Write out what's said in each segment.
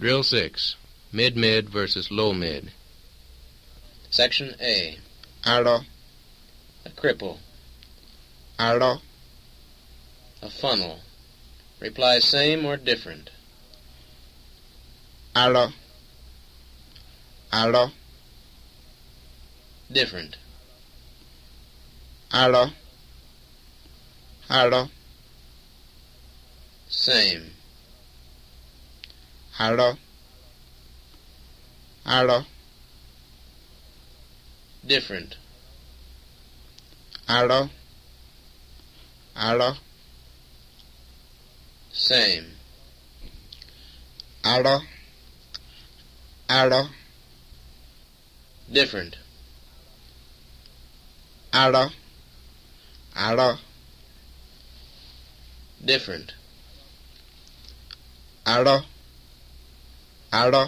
Drill 6 Mid Mid versus Low Mid. Section A Alo. A cripple. Alo. A funnel. Reply same or different. Alo. Alo. Different. Alo. Alo. Same arọ arọ different arọ arọ same arọ arọ different arọ arọ different arọ arọ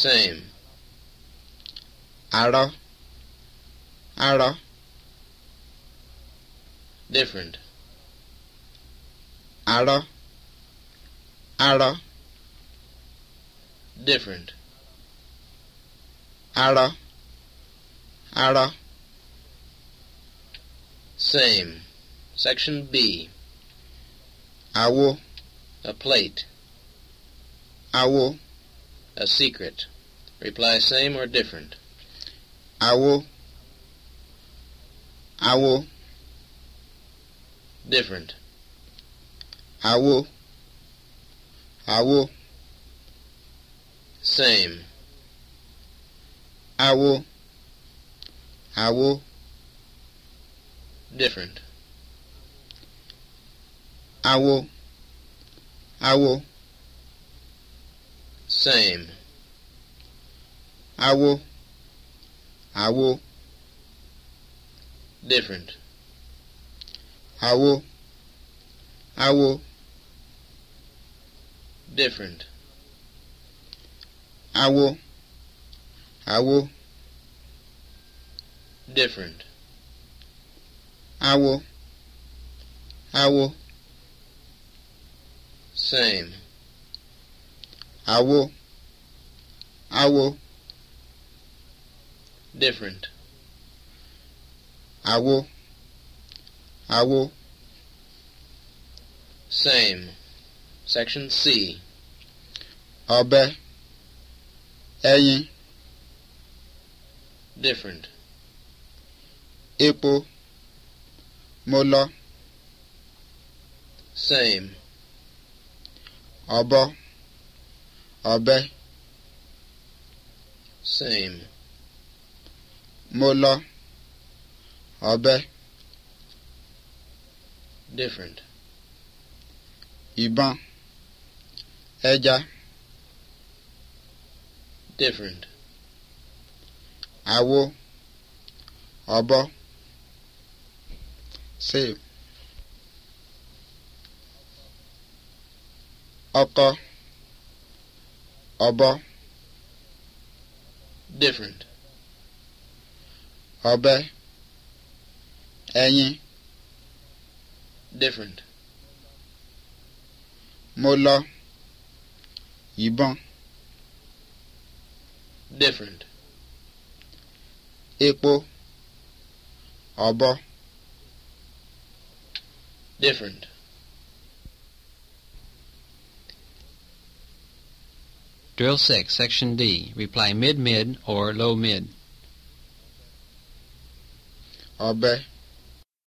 same arọ arọ different arọ arọ different arọ arọ same section b awo a plate Awo. A secret. Reply same or different. Awo. Awo. Different. Awo. Awo. Same. Awo. Awo. Different. Awo. Awo same. I will. I will. Different. I will. I will. Different. I will. I will. Different. I will. I will. Same. àwo àwo. different. àwo àwo. same. section C. ọ̀bẹ ẹyin. different. epo mo lọ. same. ọ̀bọ ọ̀bẹ same mo lọ ọ̀bẹ different ìbọn ẹja different àwo ọ̀bọ same ọkọ ọbọ different ọbẹ ẹyin different mo lọ ìbọn different epo ọbọ different. Drill 6, Section D. Reply mid-mid or low-mid. Ọbẹ.